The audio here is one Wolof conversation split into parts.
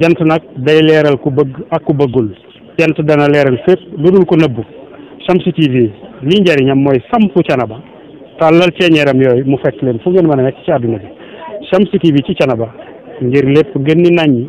jant nag day leeral ku bëgg ak ku bëggul jant dana leeral fépp lu dul ko nëbbu Shamsu TV lii njëriñam mooy sampu canaba tàllal ceeñeeram yooyu mu fekk leen fu ngeen mën a nekk ci àdduna bi Shamsu TV ci canaba ngir lépp gën ni naññi.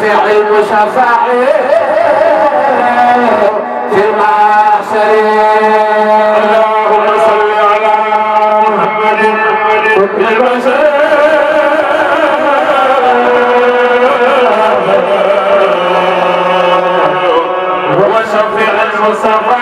شفيع المشفع في المحشر اللهم صل على محمد البشر وشفيع المصطفى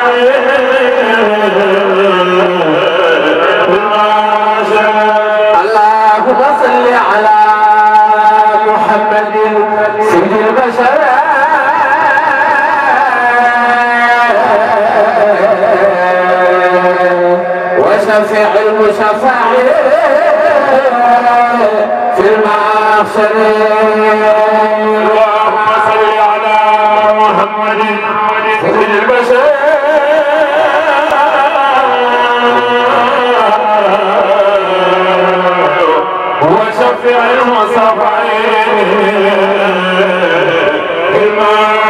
المرسلين اللهم صل على محمد سيد البشر وشفع المصطفين المعاشر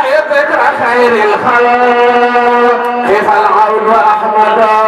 آيتك خير الخلق فالعون أحمد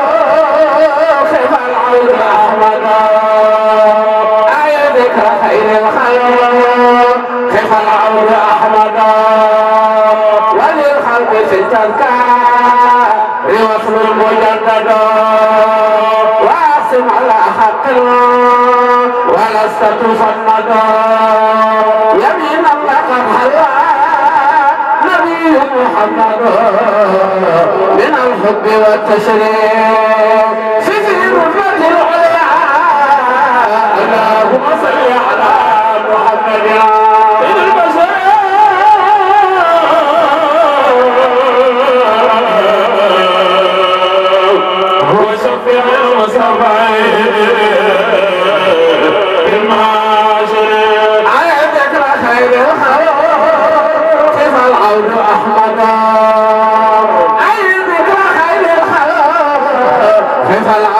ستفند يمينا لقد حيا نبي محمد من الحب والتشريع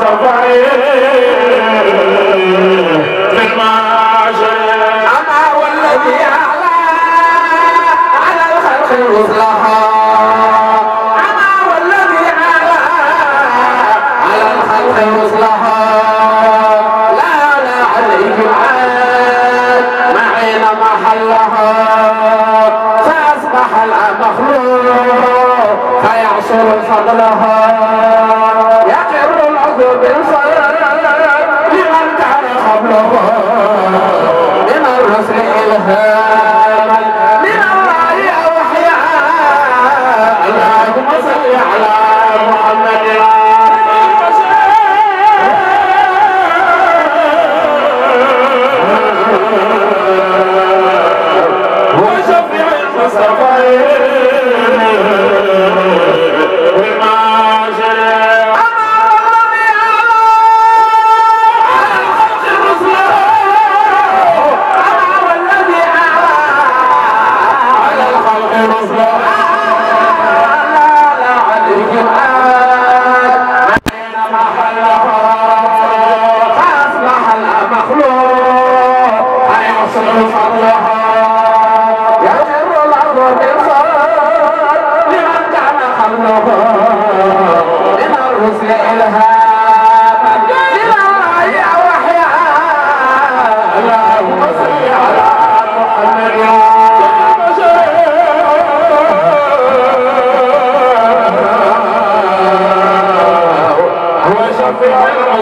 السفر في المعاشر والذي أعلى على الخلق والذي أعلى على الخلق لا لا عليك محلها فيعصر فضلها من الرسل إلهام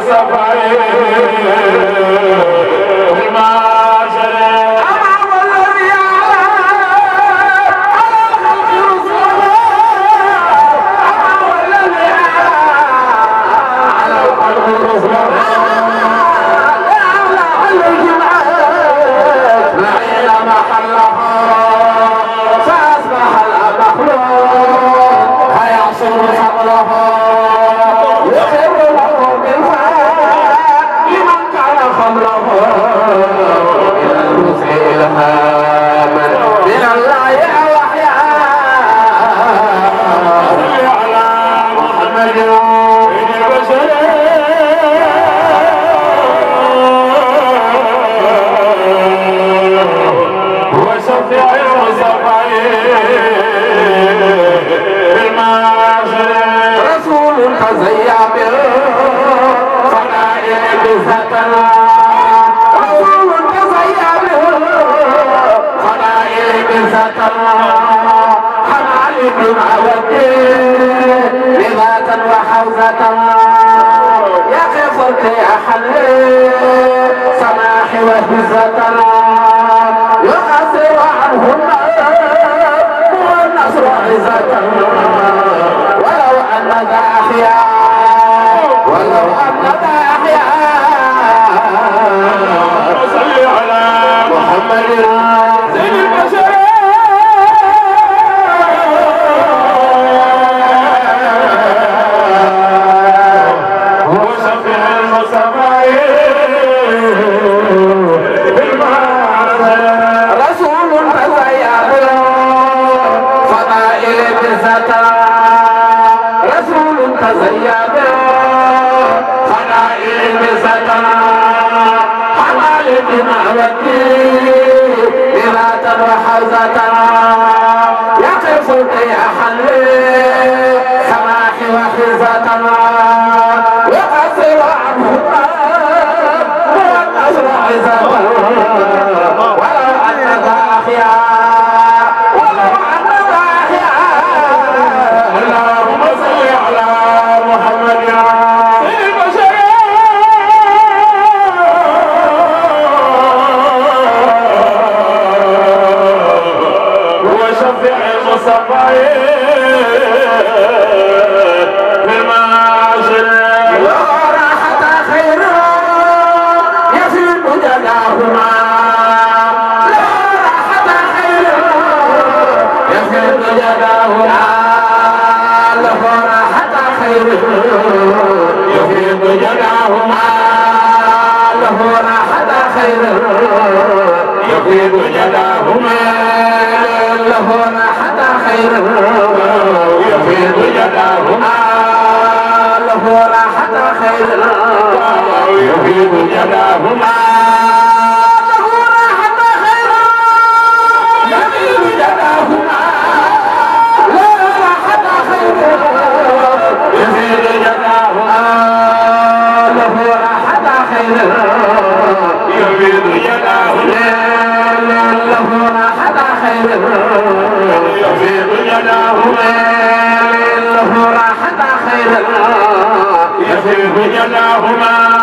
Yes, وجزاهما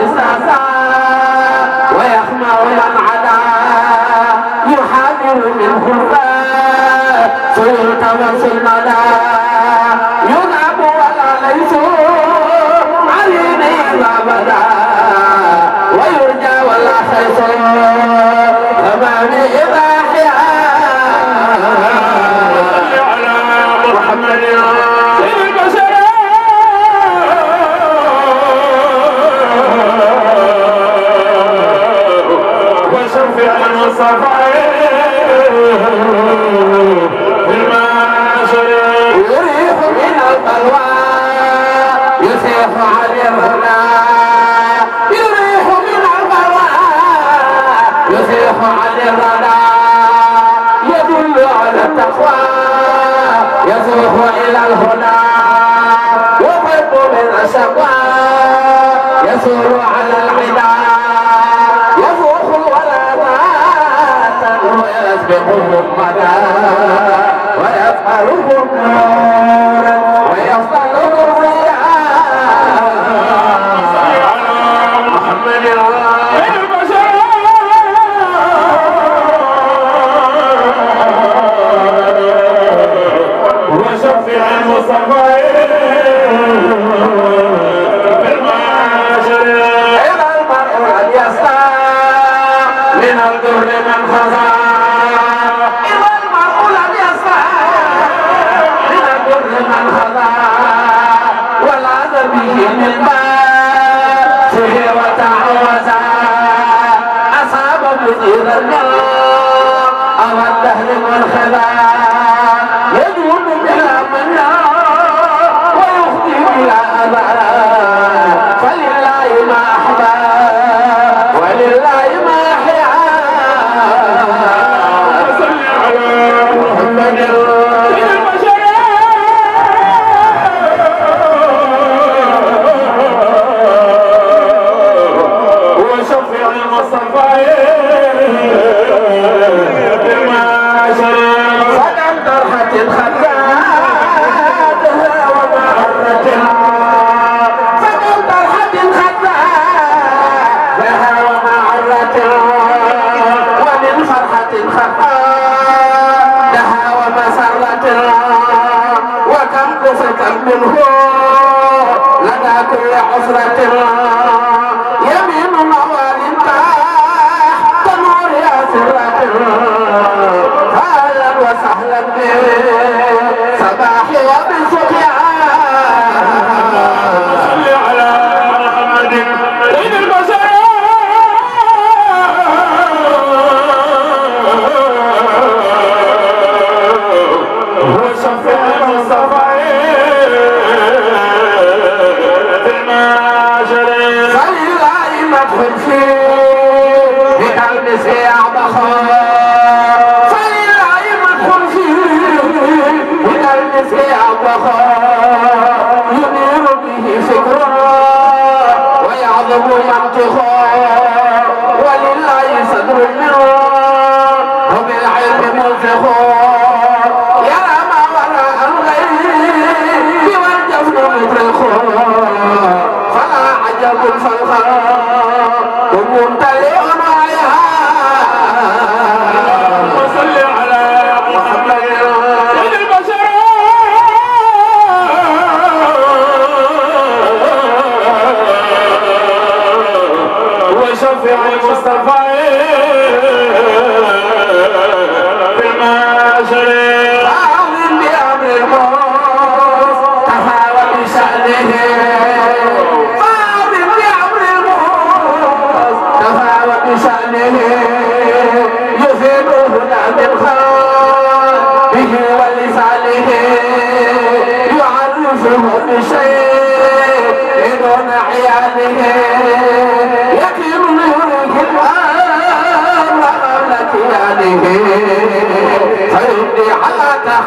بساسا ويخمع من عدا يحاذر منه الباء سيلتمس الماء सफ़ाए ربنا ويفعل الظلم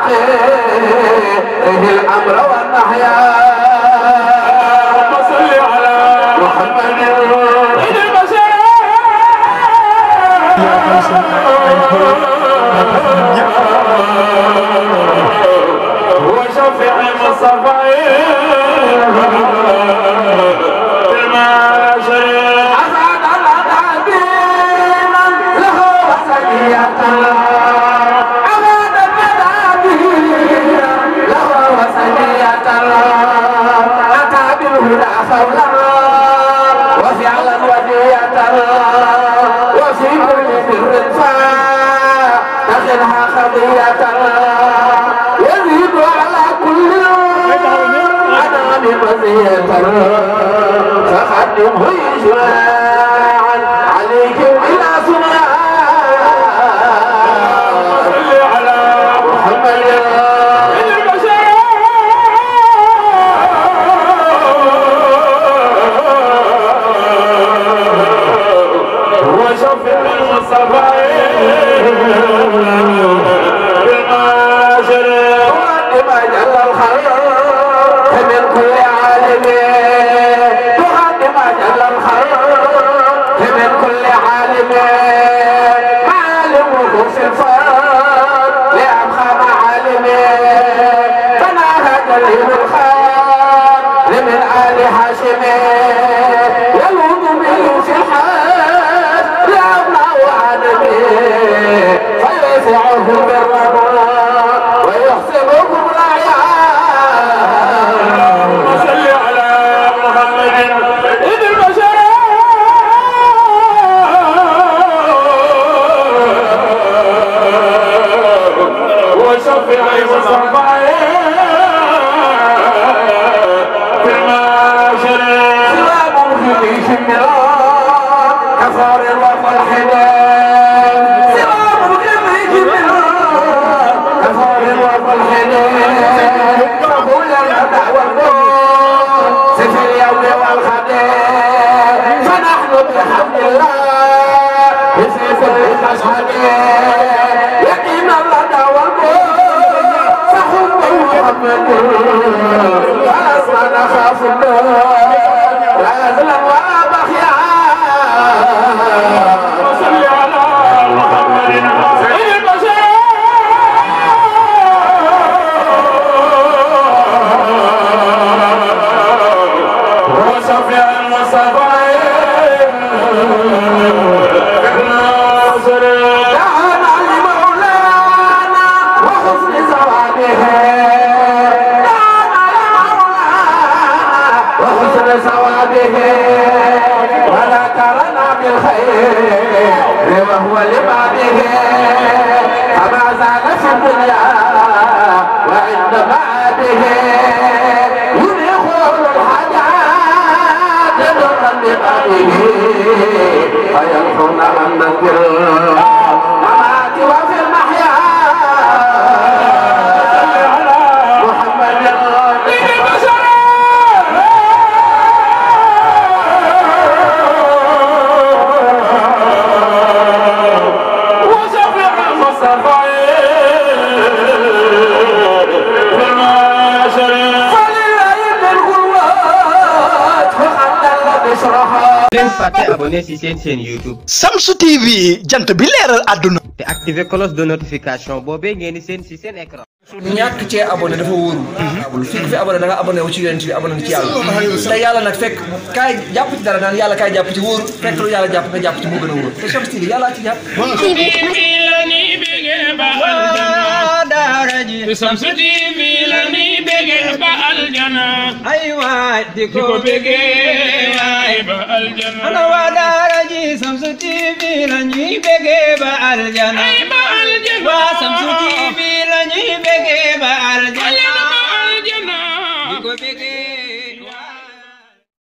আছে আমরা حولها وجعلا وديتها وفي كل بر فاخذها خطيئتها يزيد على كل انام مزيتها فخدمه يجوى لابن الخان لمن آل هاشم يلوذ من شحات لأبناء عالمي فيسعه بالرحمة Thank you. abonné ci seen chaîne YouTube. Shamsu TV jant bi leeral àdduna. te activé cloche notification boobee ngeen di seen ci seen écran. ñàkk cee abonné dafa wóoru mhm. fii ku fi abonné da nga abonné wu ci yonent bi abonné ci yàlla te yàlla nag fekk kaay jàpp ci dara naan yàlla kaay jàpp ci wóoru fekk lu yàlla jàpp nga jàpp ci a ci jàpp TV la ni ba aljana naay ba aljana ana waa daara ji Shamsu TV la ñuy bëggee ba aljana ay ba aljana waa